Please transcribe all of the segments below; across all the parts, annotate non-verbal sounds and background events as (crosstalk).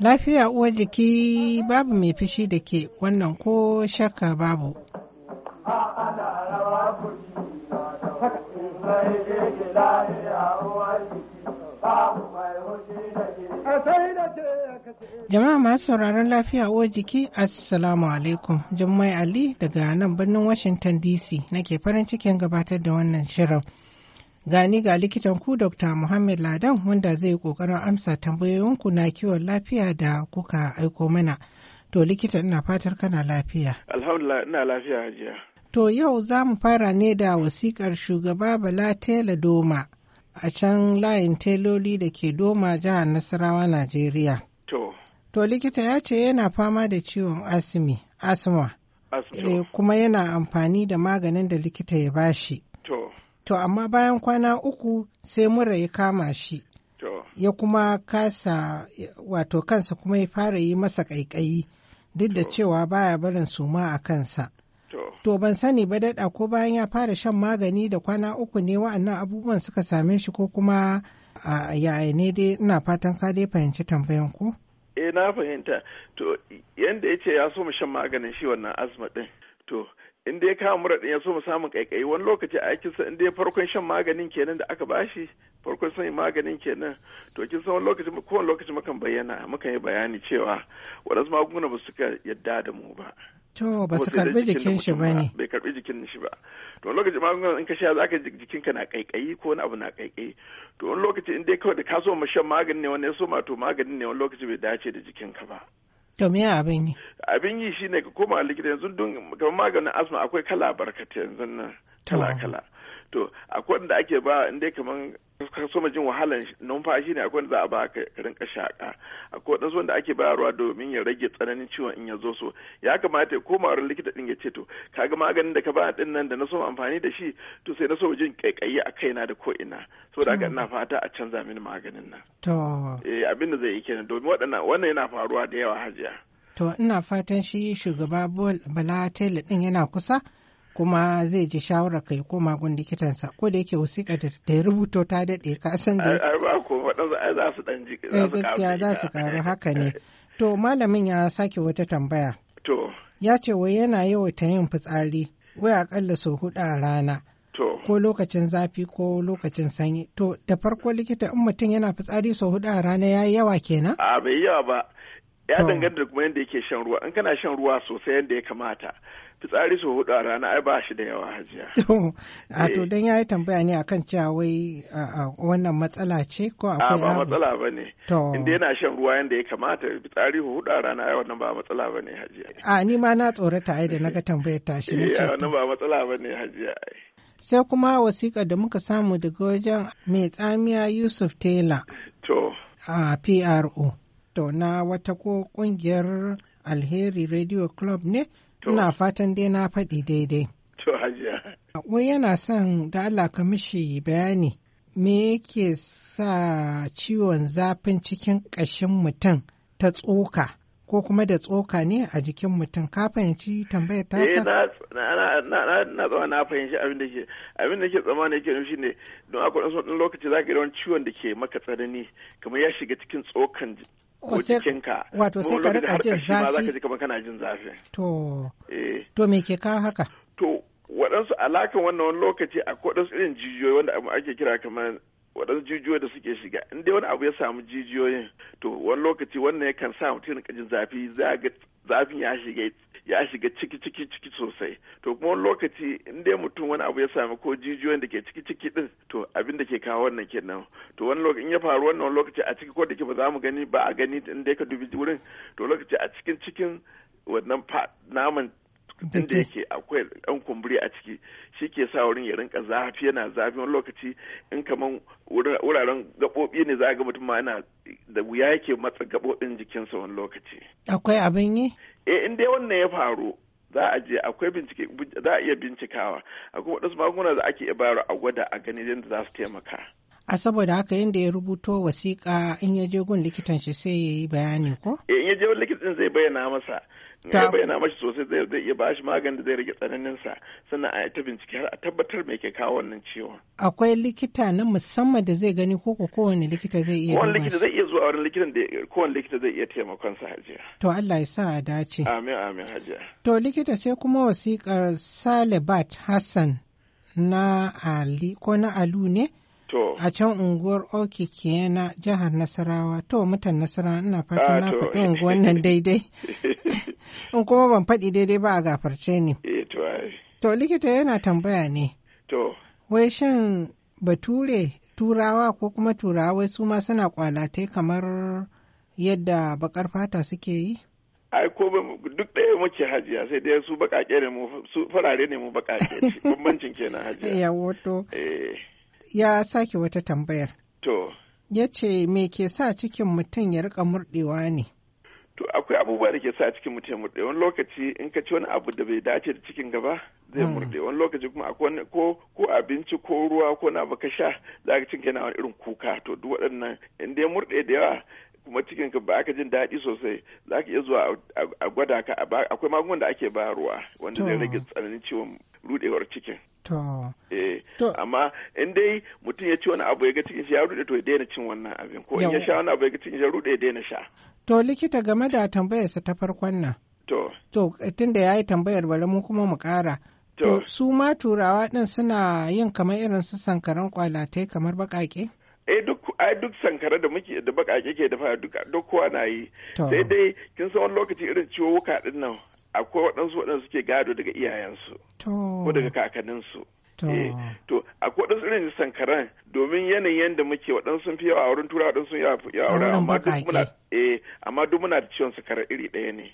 Lafiya uwar jiki babu mai fushi da ke wannan ko shakka babu. Jama'a masu sauraron lafiya uwa jiki, Assalamu alaikum. Jummai Ali daga nan birnin Washington DC nake farin cikin gabatar da wannan shirin. Gani ga likitan ku Dr. Muhammad Ladan wanda zai yi kokarin amsa tambayoyinku na kiwon lafiya da kuka aiko mana. To likita ina fatar kana lafiya. Alhamdulillah ina lafiya hajiya. To yau za mu fara ne da wasikar shugaba Bala Tela Doma a can layin teloli da ke Doma jihar Nasarawa Najeriya. To likita ya ce yana fama da ciwon asimi, asma. E, kuma yana amfani da maganin da likita ya bashi. To. To amma bayan kwana uku sai mura ya kama shi. Ya kuma kasa wato kansa kuma ya fara yi masa ƙaiƙayi duk da cewa baya barin suma a kansa. To. ban sani ba daɗa ko bayan ya fara shan magani da kwana uku ne wa'annan abubuwan suka same shi ko kuma yaya ne dai ina fatan ka dai fahimci tambayan ko? e na fahimta to yanda yace ya so mu shan maganin shi wannan asma din to in dai ka mura din ya so mu samu kaikayi wani lokaci a kisa in dai farkon shan maganin kenan da aka bashi farkon sanya maganin kenan to kin san lokaci kowane lokaci mukan bayyana mukan yi bayani cewa wadansu magunguna ba suka yadda da mu ba To ba su karbi jikin shi ba ne. Bai karbi jikin shi ba. To wani magungunan in ka sha zaka jikin ka na kaikayi ko wani abu na kaikayi. To wani lokaci in dai kawai da ka so ma shan magani ne wani ya so ma to magani ne wani lokaci bai dace da jikin ka ba. To me abin yi? Abin yi shine ka koma likita yanzu don kamar maganin asma akwai kala barkata yanzu nan kala kala. to akwai wanda ake ba in dai kaman ka so jin wahalan numfashi ne akwai wanda za a ba ka rinka shaka akwai wadansu wanda ake bayarwa domin ya rage tsananin ciwon in ya zo so ya kamata ya koma wurin likita din ya ce to kaga maganin da ka ba din nan da na so amfani da shi to sai na so jin kaikayi a kaina da ko ina saboda haka ina fata a canza mini maganin nan to eh abin da zai yi kenan domin wadannan wannan yana faruwa da yawa hajiya to ina fatan shi shugaba Bala Taylor din yana kusa kuma zai ji shawarar kai koma gun likitansa ko da yake wasiƙa da ya rubuto ta daɗe ka san da za su ɗan ji eh, gaskiya za su karu haka ne (laughs) to malamin ya sake wata tambaya to ya ce wai yana yawaita yin fitsari wai akalla sau hudu a rana ko lokacin zafi ko lokacin sanyi to da farko likita in mutum yana fitsari sau hudu a rana ya yawa kenan a bai yawa ba ya danganta kuma yadda yake shan ruwa in kana shan ruwa sosai yadda ya kamata fitsari su hudu a rana ai ba shi da yawa hajiya (laughs) a to eh. dan yayi tambaya ne akan cewa wai wannan matsala ce ko akwai ba matsala ne inda yana shan ruwa yadda ya kamata fitsari su hudu a rana ai wannan ba matsala ne hajiya a ni ma na tsorata ai da naga tambayar tashi ne ce wannan ba matsala hajiya sai kuma wasiƙa da muka samu daga wajen mai tsamiya Yusuf Taylor to a PRO to na wata ko kungiyar alheri radio club ne ina fatan dai na faɗi daidai to hajiya wai yana son da Allah ka mishi bayani me yake sa ciwon zafin cikin ƙashin mutum ta tsoka ko kuma da tsoka ne a jikin mutum ka fahimci tambayar ta eh, sa na na na na fahimci abin da ke abin da ke tsammani ke nufi ne don akwai wasu lokaci zaka ga wani ciwon da ke maka tsanani kamar ya shiga cikin tsokan ko jikinka wato sai ka rika jin zafi ka ji kamar kana jin zafi to eh. to me ke kawo haka to waɗansu alakan wannan wani lokaci a kodin irin jijiyoyi wanda ake kira kamar waɗansu jijiyoyi da suke shiga in dai wani abu ya samu jijiyoyin to wani lokaci wannan kan sa mutum rinka jin zafi zafin ya shiga ya shiga ciki ciki ciki sosai to kuma wani lokaci in dai mutum wani abu ya sami ko jijiyoyin da ke ciki ciki din to abin da ke kawo wannan kenan to wani lokaci in ya faru wannan lokaci a ciki ko da ke ba za mu gani ba a gani in dai ka dubi wurin to lokaci a cikin cikin wannan naman tun da (laughs) yake akwai ɗan kumburi a ciki shi ke sa wurin ya rinka zafi yana zafi wani lokaci in kaman wuraren gaɓoɓi ne za ga mutum ma yana da wuya yake matsa gaɓoɓin jikinsa wani lokaci. Akwai abin yi? Eh in dai wannan ya faru za a je akwai bincike za a iya bincikawa akwai waɗansu magunguna da ake iya bayarwa a gwada a gani yadda za su taimaka. a saboda haka yadda ya rubuto wasiƙa in ya je gun likitan shi sai ya yi bayani ko? Eh, in ya je gun likitan zai bayyana masa ya bayyana mashi sosai zai zai iya bashi maganin da zai rage tsananin sa sannan a ta bincike har a tabbatar me ke kawo wannan ciwon akwai likita na musamman da zai gani ko kowane likita zai iya kowane likita zai iya zuwa wurin likitan da kowane likita zai iya taimakon sa hajiya to Allah ya sa a dace amin amin hajiya to likita sai kuma wasiƙar Salibat Hassan na Ali ko na Alu ne a can unguwar oki na jihar nasarawa to mutan nasarawa ina fatan ah, na faɗi unguwar nan daidai (laughs) in kuma ban faɗi daidai ba a gafarce ne eh, to likita yana tambaya ne to wai shin bature turawa ko kuma turawa wai su ma suna kwalatai kamar yadda bakar fata suke yi ai ko duk ɗaya muke hajiya sai dai su bakake ne mu su farare ne mu bakake (laughs) bambancin kenan hajiya yawo to eh ya sake wata tambayar. To. Ya ce me ke sa cikin mutum ya rika murɗewa ne? To akwai abubuwa da ke sa cikin mutum ya murɗe wani lokaci in ka ci wani abu da bai dace da cikin gaba zai hmm. murɗe wani lokaci kuma akwai ko abinci ko ruwa ko na baka sha za ka cin yana wani irin kuka to duk waɗannan in dai murɗe da yawa kuma cikin ka ba aka jin daɗi sosai za ka iya zuwa a gwada ka akwai magungunan da ake bayarwa wanda zai rage tsananin ciwon rudewar cikin. Eh, amma in dai mutum ya ci wani abu ya ga cikin shi ya rude to ya daina cin wannan abin ko in ya sha wani abu ya ga cikin shi ya rude ya daina sha. To likita game da tambayarsa ta farkon nan. To. To tunda ya yi tambayar bari mu kuma mu ƙara. To su ma turawa ɗin suna yin kamar irin su sankaran kwalatai kamar baƙaƙe? eh duk ai duk sankara da muke da bakake ke dafa duk duk kowa na yi sai dai kin san wani lokaci irin ciwo wuka din nan akwai waɗansu waɗanda suke gado daga iyayensu ko daga kakanninsu Eh, to akwai waɗansu irin sankaran domin yanayin da muke waɗansu sun fi yawa a wurin tura waɗansu sun yawa a amma duk muna eh, amma duk muna da ciwon sankara iri ɗaya ne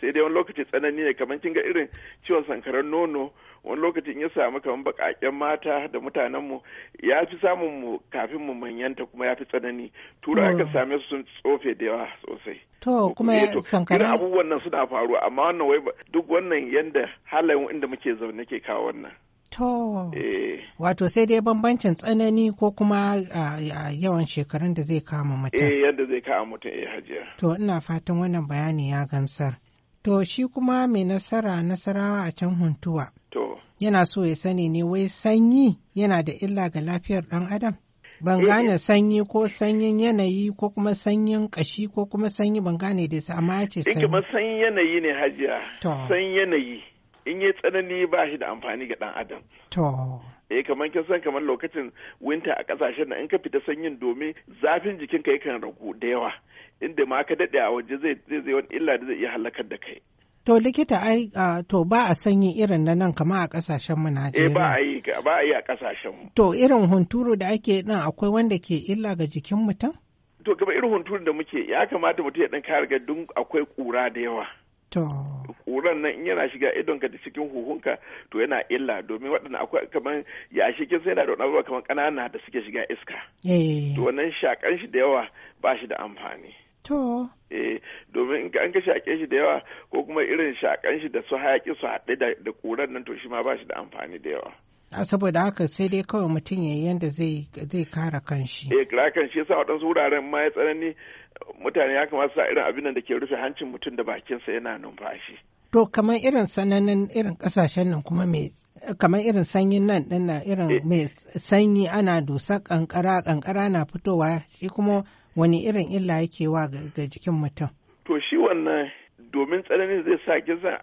sai dai wani lokaci tsanani ne kamar kin ga irin ciwon sankaran nono wani lokacin ya samu kamar baƙaƙen mata da mutanenmu ya fi samun mu kafin mu manyanta kuma ya fi tsanani tura aka same su sun tsofe da yawa sosai to kuma eh, sankara abubuwan nan suna faruwa amma wannan wai duk wannan yanda halayen inda muke zaune ke kawo wannan To. Eh. Wato sai dai bambancin tsanani ko kuma yawan shekarun da zai kama mutum. Eh yadda zai kama mutum eh hajiya. To ina fatan wannan bayani ya gamsar. To shi kuma mai nasara nasarawa a can huntuwa. To. Yana so ya sani ne wai sanyi yana da illa ga lafiyar ɗan adam. Ban eh, eh. gane sanyi ko sanyin yanayi ko kuma sanyin kashi ko kuma sanyi ban gane da amma ya ce sanyi. Ikimar yanayi ne hajiya. To. yanayi. in yi tsanani ba shi da amfani ga dan adam to eh kamar kin san kamar lokacin winter a kasashen da in ka fita sanyin domin zafin jikinka yakan ragu da yawa inda ma ka dade a waje zai zai zai wani illa da zai iya halakar da kai To likita ai to ba a sanyi irin na nan kamar a kasashen mu na. Eh ba a yi ba a yi a kasashen mu. To irin hunturu da ake dan akwai wanda ke illa ga jikin mutum? To kamar irin hunturu da muke ya kamata mutum ya dan kare duk akwai kura da yawa. Ƙuran nan in yana shiga idonka da cikin huhunka to yana illa domin waɗanda akwai kamar yashi kin sai da da abubuwa kamar ƙanana da suke shiga iska. Eh. To wannan shakan shi da yawa ba shi da amfani. To. Eh domin in an ka shaƙe shi da yawa ko kuma irin shakan shi da su hayaƙi su haɗe da ƙuran nan to shi ma ba shi da amfani da yawa. saboda haka sai dai kawai mutum ya yanda zai zai kare kanshi eh kare kanshi yasa waɗansu wuraren ma ya tsanani mutane ya kamata sa irin abin da ke rufe hancin mutum da bakinsa yana numfashi to kamar irin sananin irin kasashen nan kuma mai kamar irin sanyin nan din irin eh. mai sanyi ana dusa kankara kankara na fitowa shi kuma wani irin illa yake wa ga jikin mutum to shi wannan domin tsanani zai sa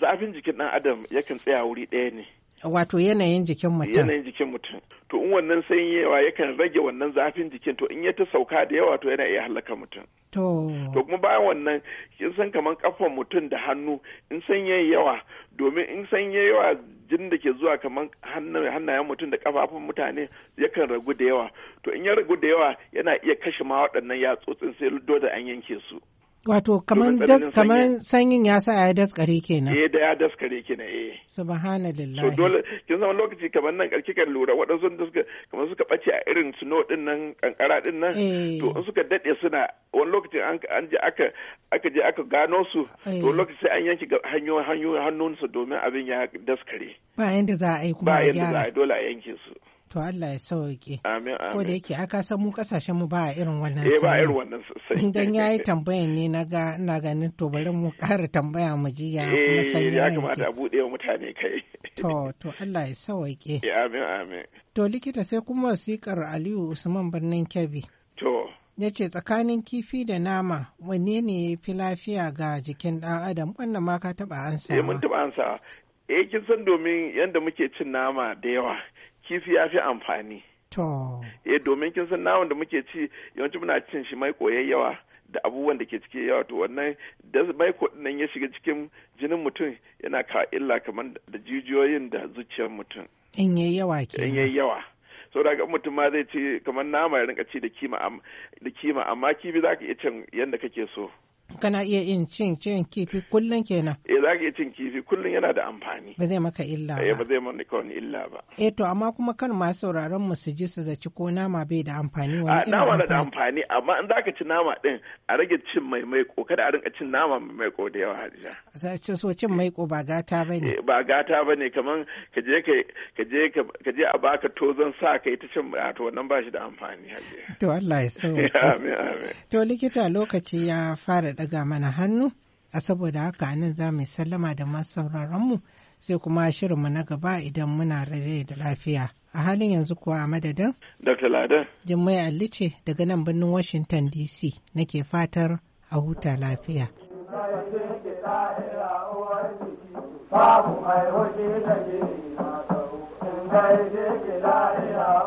zafin jikin dan adam yakan tsaya wuri ɗaya ne Wato yanayin jikin mutum. Yanayin jikin mutum. To in wannan sanyewa yakan rage wannan zafin jikin to in ya ta sauka da yawa to yana iya halaka mutum. To. To kuma bayan wannan kin san kaman kafan mutum da hannu in sanye yawa domin in sanye yawa jin da ke zuwa kaman hannayen mutum da kafafun mutane yakan ragu da yawa. To in ya ragu da yawa yana iya kashe ma waɗannan yatsotsin sai ludo da an yanke su. Wato kamar sanyin ya sa ya daskare kenan. Eh da ya daskare kenan eh. Subhanallah. So dole kin zama lokaci kamar nan karki kan lura waɗansu da suka kamar suka ɓace a irin snow ɗin nan ƙanƙara ɗin nan eh. to in suka daɗe suna wani lokacin an an je aka aka je aka gano su to eh. lokaci an yanki hanyoyin hannun su domin abin ya daskare. Ba yanda za a yi kuma a gyara. Bayan da za a yi dole a yanke su. To Allah ya sauke. Amin amin. Ko da yake aka san mu kasashen mu ba a irin wannan sai. Eh ba irin wannan sosai. Dan yayi (laughs) tambayan ne na ga ina ganin to bari mu ƙara tambaya mu ji ya masanya. Eh ya kamata a bude wa mutane kai. (laughs) To to Allah ya sauke. Eh amin amin. To likita sai kuma wasikar Aliyu Usman Birnin Kebbi. To. ya ce tsakanin kifi da nama wanne ne ya fi lafiya ga jikin ɗan adam wannan ma ka taɓa ansa. Eh mun taɓa ansa. Eh kin san domin yadda muke cin nama da yawa kifi ya fi amfani to eh domin kin san naman da muke ci yawanci muna cin shi mai yawa da abubuwan da ke cike yawa to wannan da maiko nan ya shiga cikin jinin mutum yana ka illa kamar da jijiyoyin da zuciyar mutum in yayi yawa ke in yayi yawa so daga mutum ma zai ci kamar nama ya rinka ci da kima amma kifi amma kibi zaka iya cin yanda kake so kana iya yin cin cin kifi kullum kenan eh za ka cin kifi kullum yana da amfani ba zai maka illa ba eh ba zai maka wani illa ba eh to amma kuma kan ma sauraron mu su ji su da ci ko nama bai da amfani wani ah, ina nama na da amfani amma in zaka ci nama din a rage cin mai ko kada a rinka cin nama mai ko da yawa Hadija za ci so cin ko ba gata bane eh, ba gata bane kaman ka je ka ka je ka je a baka tozon sa kai ta cin ah, to wannan ba shi da amfani Hadija to Allah ya sauke (laughs) amin amin to likita lokaci ya fara ɗaga mana hannu a saboda haka a nan za mu sallama da masu sauraronmu sai kuma shirinmu na gaba idan muna rare da lafiya a halin yanzu kuwa a madadin dr ladan jimmai allice daga nan birnin washington dc nake fatar a huta lafiya Babu mai hoji da ke na in ke la'ira